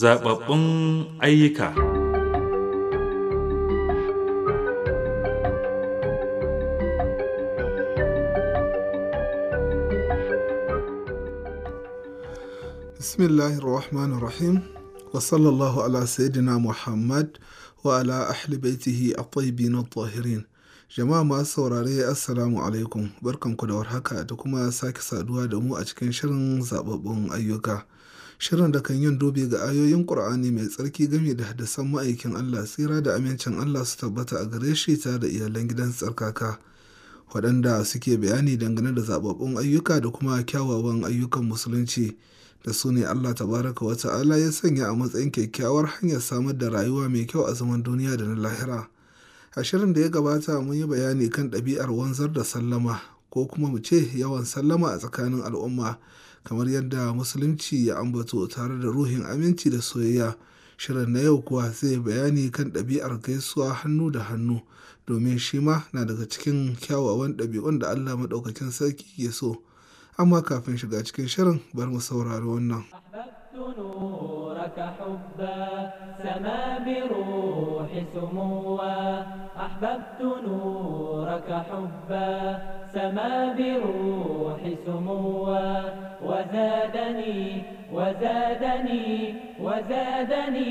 zababbun ayyuka bismillahir wa sallallahu ala sayyidina muhammad wa ala ahli baitihi at-tayyibin na tahirin jama'a masu saurare assalamu alaikum barkanku da warhaka da kuma sake saduwa da mu a cikin shirin zababbun ayyuka Shirin da kan yin dubi ga ayoyin Ƙur'ani mai tsarki game da hadisan ma'aikin Allah tsira da amincin Allah su tabbata a gare shi ta da iyalan gidan tsarkaka, waɗanda suke bayani dangane da zaɓaɓɓun ayyuka da kuma kyawawan ayyukan musulunci da su ne Allah tabaraka wa ta'ala ya sanya a matsayin kyakkyawar hanyar samar da rayuwa mai kyau a zaman duniya da na lahira. a shirin da ya gabata mun yi bayani kan ɗabi'ar wanzar da sallama ko kuma mu ce yawan sallama a tsakanin al'umma kamar yadda musulunci ya ambato tare da ruhin aminci da soyayya shirin na yau kuwa zai bayani kan ɗabi'ar gaisuwa hannu da hannu domin shi ma na daga cikin kyawawan ɗabi'un da allah maɗaukacin sarki ke so amma kafin shiga cikin shirin bar mu saurari wannan. الروح سموا أحببت نورك حبا سما بروح سموا وزادني وزادني وزادني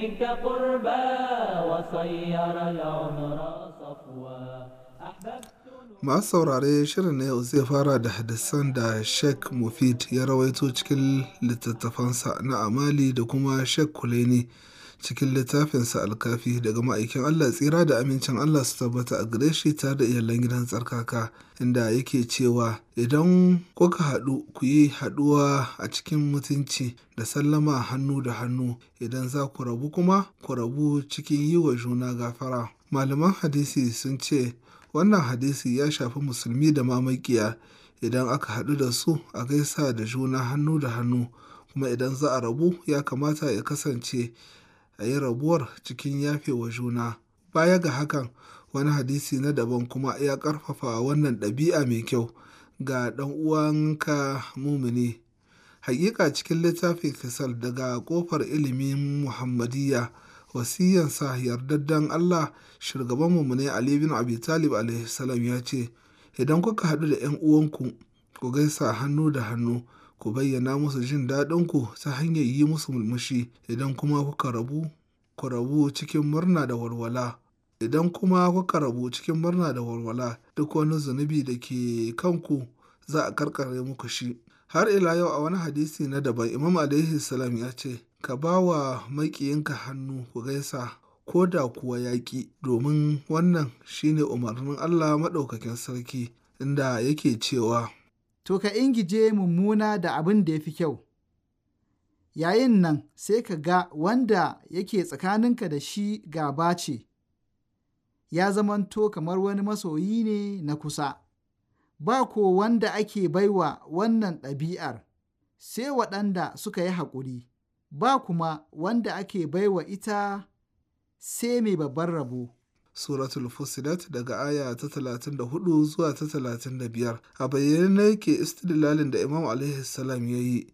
منك قربا وصير العمر صفوا أحببت masu saurare shirin na yau zai fara da hadisan da sheikh mufid ya rawaito cikin littattafansa na amali da kuma sheikh kuleni cikin littafinsa alkafi daga ma'aikin Allah tsira da amincin Allah su tabbata a gare shi tare da iyalan gidan tsarkaka inda yake cewa idan kuka haɗu ku yi haɗuwa a cikin mutunci da sallama hannu da hannu idan za ku rabu kuma ku rabu cikin yi wa juna gafara malaman hadisi sun ce wannan hadisi ya shafi musulmi da mamakiya idan aka haɗu da su a gaisa da juna hannu da hannu kuma idan za a rabu ya kamata ya kasance a yi rabuwar cikin yafewa juna baya ga hakan wani hadisi na daban kuma ya ƙarfafa wannan ɗabi'a mai kyau ga ɗan uwanka mumini hakika cikin littafin kisal daga kofar ilimin muhammadiyya wasiyansa yardaddan allah shugaban mumini ali bin abi talib ya ce idan kuka haɗu da 'yan uwanku ku gaisa hannu da hannu ku bayyana musu jin daɗinku ta hanyar yi musu murmushi idan kuma kuka rabu ku rabu cikin murna da walwala idan kuma kuka rabu cikin murna da walwala duk wani zunubi da ke kanku za a karkare muku shi har ila yau a wani hadisi na daban imam alaihi salam ya ce ka ba wa maƙiyinka hannu ku gaisa ko da kuwa yaƙi domin wannan shine umarnin allah maɗaukakin sarki inda yake cewa to ka ingije mummuna da abin da ya fi kyau. Yayin nan sai ka ga wanda yake tsakaninka da shi gaba ce, ya zamanto kamar wani masoyi ne na kusa, ba ko wanda ake baiwa wannan ɗabi'ar, sai waɗanda suka yi haƙuri, ba kuma wanda ake baiwa ita sai mai babban rabo. suratul fusilat daga aya ta hudu zuwa ta talatin da biyar, a bayyane yake istidlalin da imam alaihi salam ya yi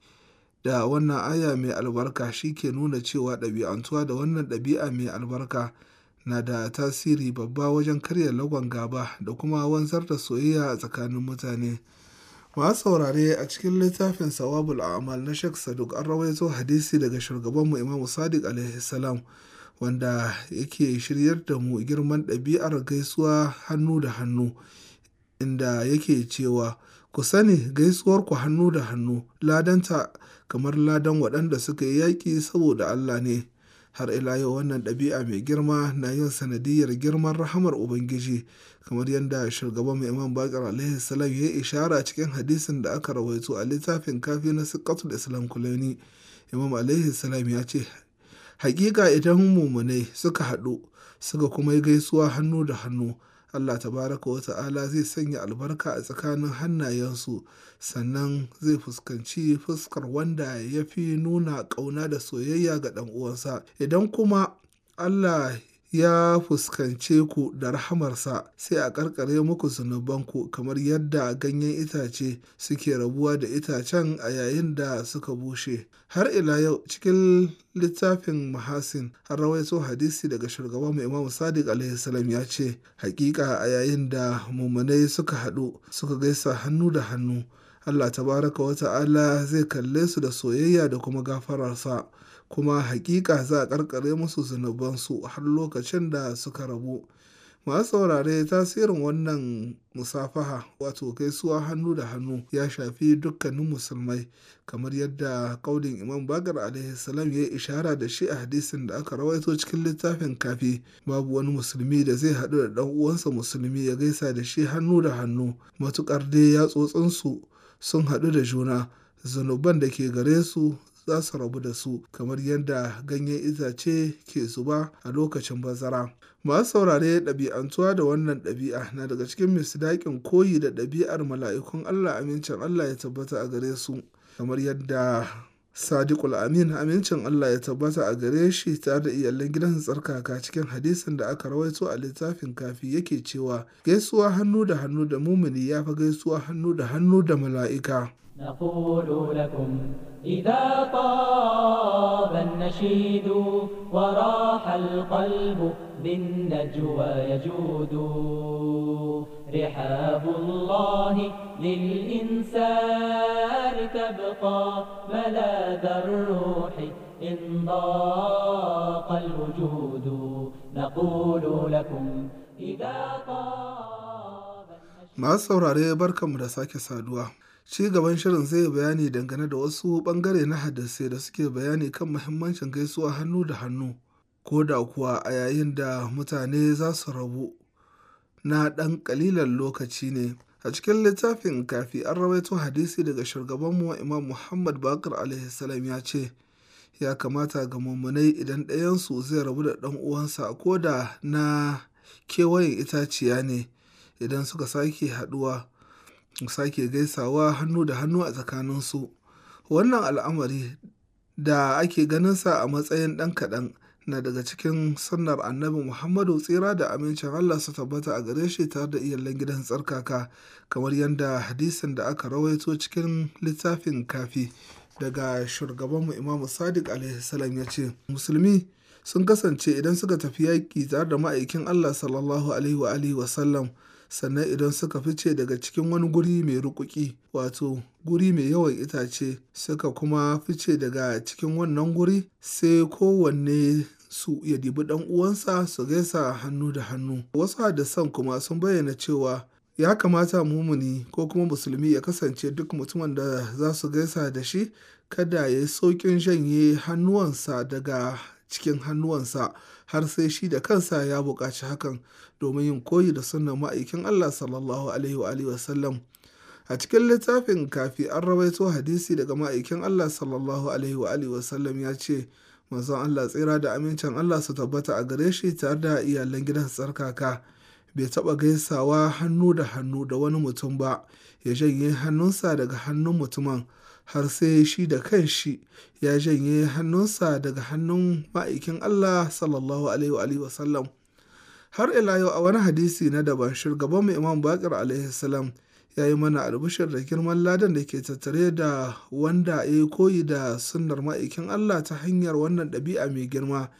da wannan aya mai albarka shi ke nuna cewa ɗabi'antuwa da wannan ɗabi'a mai albarka na da tasiri babba wajen karya lagon gaba da kuma wanzar da soyayya a tsakanin mutane Ma saurare a cikin littafin sawabul a'mal na shek saduk an rawaito hadisi daga shugabanmu imamu sadiq alaihi salam wanda yake shiryar da mu girman ɗabi'ar gaisuwa hannu da hannu inda yake cewa ku sani gaisuwar ku hannu da hannu ladanta kamar ladan waɗanda suka yi yaƙi saboda Allah ne har ila yau wannan ɗabi'a mai girma na yin sanadiyar girman rahamar ubangiji kamar yadda shugaban mai imam bakar alaihi salam ya ishara cikin hadisin da aka rawaito a littafin kafi na sikatul islam kulani imam alaihi salam ya ce Hakika idan mumunai suka haɗu suka kuma yi gaisuwa hannu da hannu, Allah tabaraka wa ta'ala zai sanya albarka a tsakanin hannayensu sannan zai fuskanci fuskar wanda ya fi nuna ƙauna da soyayya ga uwansa Idan kuma Allah ya fuskance ku da rahamarsa sai a ƙarƙare muku zunubanku kamar yadda ganyen itace suke rabuwa da itacen a yayin da suka bushe har ila yau cikin littafin mahasin an rawaito hadisi daga shugaba mai imam sadiq alaihissalam ya ce hakika a yayin da mummunai suka haɗu suka gaisa hannu da hannu Allah tabaraka Wata'ala zai kalle su da soyayya da kuma gafararsa kuma haƙiƙa za a ƙarƙare musu zunubansu har lokacin da suka rabu masu saurare tasirin wannan musafaha wato gaisuwa hannu da hannu ya shafi dukkanin musulmai kamar yadda kaudin imam bakar alaihi ya yi ishara da shi a hadisin da aka rawaito cikin littafin kafi babu wani musulmi da zai haɗu da ɗan uwansa musulmi ya gaisa da shi hannu da hannu matuƙar dai yatsotsinsu sun haɗu da juna zunuban da ke gare su za su rabu da su kamar yadda ganyen itace ke zuba a lokacin bazara. Masu saurare ɗabi'antuwa da wannan ɗabi'a na daga cikin misdaƙin koyi da ɗabi'ar mala'ikun Allah amincin Allah ya tabbata a gare su kamar yadda Sadiqul Amin amincin Allah ya tabbata a gare shi ta da iyalan gidan tsarkaka cikin hadisin da aka rawaito a littafin kafi yake cewa gaisuwa hannu da hannu da mumini ya fi gaisuwa hannu da hannu da mala'ika. نقول لكم إذا طاب النشيد وراح القلب بالنجوى يجود رحاب الله للإنسان تبقى ملاذ الروح إن ضاق الوجود نقول لكم إذا طاب ما saurare barkanmu da sake saduwa Ci gaban shirin zai bayani dangane da wasu ɓangare na hadisai da suke bayani kan muhimmancin gaisuwa hannu da hannu, ko da kuwa a yayin da mutane za su rabu na ɗan ƙalilan lokaci ne. A cikin littafin kafi an rawaito hadisi daga shugaban mu Imam Muhammad Bakar alaihissalam ya ce, Ya kamata ga mummunai idan ɗayansu zai rabu da ɗan uwansa ko da na kewayen itaciya ne, idan suka sake haɗuwa sake gaisawa hannu da hannu a tsakaninsu wannan al'amari da ake ganinsa a matsayin ɗan kaɗan na daga cikin sunnar annabi muhammadu tsira da amincin allah su tabbata a gare shi tare da iyalan gidan tsarkaka kamar yadda hadisin da aka rawaito cikin littafin kafi daga shugabanmu imamu sadiq alaihi ya ce musulmi sun kasance idan suka tafi yaƙi tare da ma'aikin Allah sallallahu alaihi wa sannan idan suka fice daga cikin wani guri mai rukuki wato guri mai yawan itace suka kuma fice daga cikin wannan guri sai kowanne su ya dibi ɗan uwansa su gaisa hannu da hannu wasu hadisan kuma sun bayyana cewa ya kamata mumuni ko kuma musulmi ya kasance duk mutumin da za su gaisa da shi kada ya yi sauƙin janye hannuwansa daga cikin hannuwansa har sai shi da kansa ya buƙaci hakan domin yin koyi da sunnan ma'aikin Allah sallallahu alaihi wa wasallam a cikin littafin kafi an rawaito hadisi daga ma'aikin Allah sallallahu alaihi wa wasallam ya ce manzon Allah tsira da amincin Allah su tabbata a gare shi tare da iyalan gidan tsarkaka bai taɓa gaisawa hannu da hannu da wani mutum ba ya janye hannunsa daga hannun mutumin har sai shi da shi ya janye hannunsa daga hannun ma'aikin Allah sallallahu alaihi wa har ila yau a wani hadisi na daban shugaban mu Imam Bakar salam ya yi mana albishir da girman ladan da ke tattare da wanda ya yi koyi da sunnar ma'aikin Allah ta hanyar wannan ɗabi'a mai girma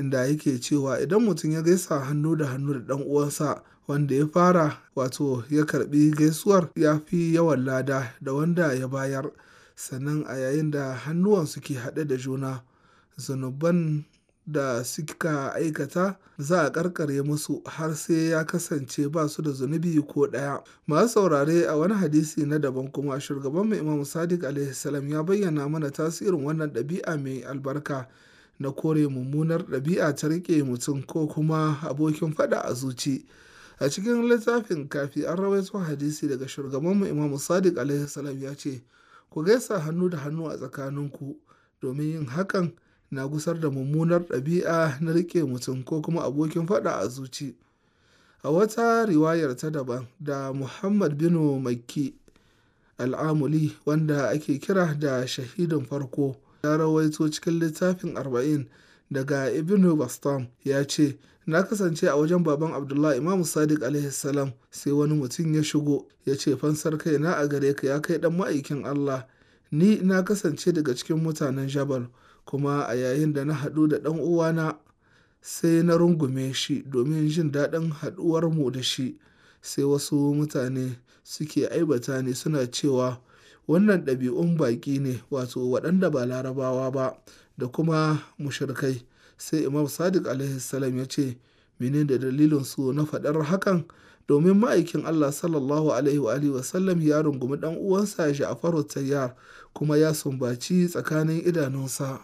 inda yake cewa idan mutum ya gaisa hannu da hannu da ɗan uwansa wanda ya fara wato ya karbi gaisuwar ya fi yawan lada da wanda ya bayar sannan a yayin da hannuwan suke haɗe da juna zunuban da suka aikata za a karkare musu har sai ya kasance ba su da zunubi ko ɗaya masu saurare a wani hadisi na daban kuma shugaban mai imam sadiq Salam ya bayyana mana tasirin wannan ɗabi'a mai albarka na kore mummunar ɗabi'a ta riƙe mutum ko kuma abokin faɗa a zuci a cikin littafin kafi an rawaito hadisi daga Shugaban mu imam sadiq alaihi ya ce ku gaisa hannu da hannu a tsakaninku domin yin hakan na gusar da mummunar ɗabi'a na riƙe mutum ko kuma abokin faɗa a zuci a wata riwayar ta daban da muhammad bin makki al'amuli wanda ake kira da shahidin farko ya rawaito cikin littafin arba'in daga Ibn Bastam ya ce, Na kasance a wajen baban Abdullah Imam Sadiq alaihi sai wani mutum ya shigo ya ce fansar kai na a gare ka ya kai dan ma'aikin Allah ni na kasance daga cikin mutanen Jabal kuma a yayin da na haɗu da ɗan uwana sai na rungume shi domin jin daɗin haɗuwar mu da shi sai wasu mutane suke aibata ne suna cewa wannan ɗabi'un baƙi ne wato waɗanda ba larabawa ba da kuma mushrikai sai imam sadiq alaihi ya ce mene da dalilin su na faɗar hakan domin ma'aikin allah sallallahu alaihi wa alihi wasallam ya rungumi ɗan uwansa ja'faru tayyar kuma ya sumbaci tsakanin idanunsa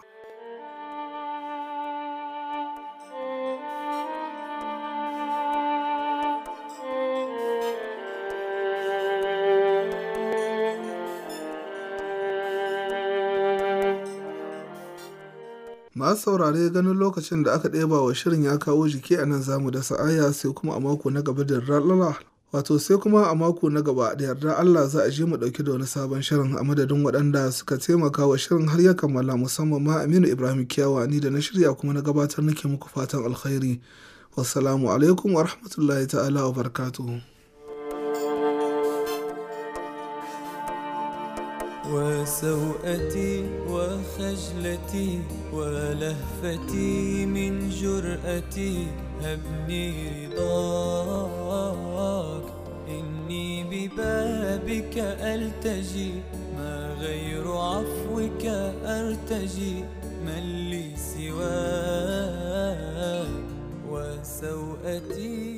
Masu saurare ganin lokacin da aka ɗeba wa shirin ya kawo jiki a nan za mu dasa aya sai kuma a mako na gaba da Allah. Wato sai kuma a mako na gaba da yarda Allah za a je mu ɗauki da wani sabon shirin a madadin waɗanda suka taimaka wa shirin har ya kammala musamman ma Aminu Ibrahim Kiyawa ni da na shirya kuma na gabatar nake muku fatan alkhairi. Wassalamu alaikum wa rahmatullahi ta'ala wa barakatuhu. وسوءتي وخجلتي ولهفتي من جرأتي هبني رضاك إني ببابك ألتجي ما غير عفوك أرتجي من لي سواك وسوءتي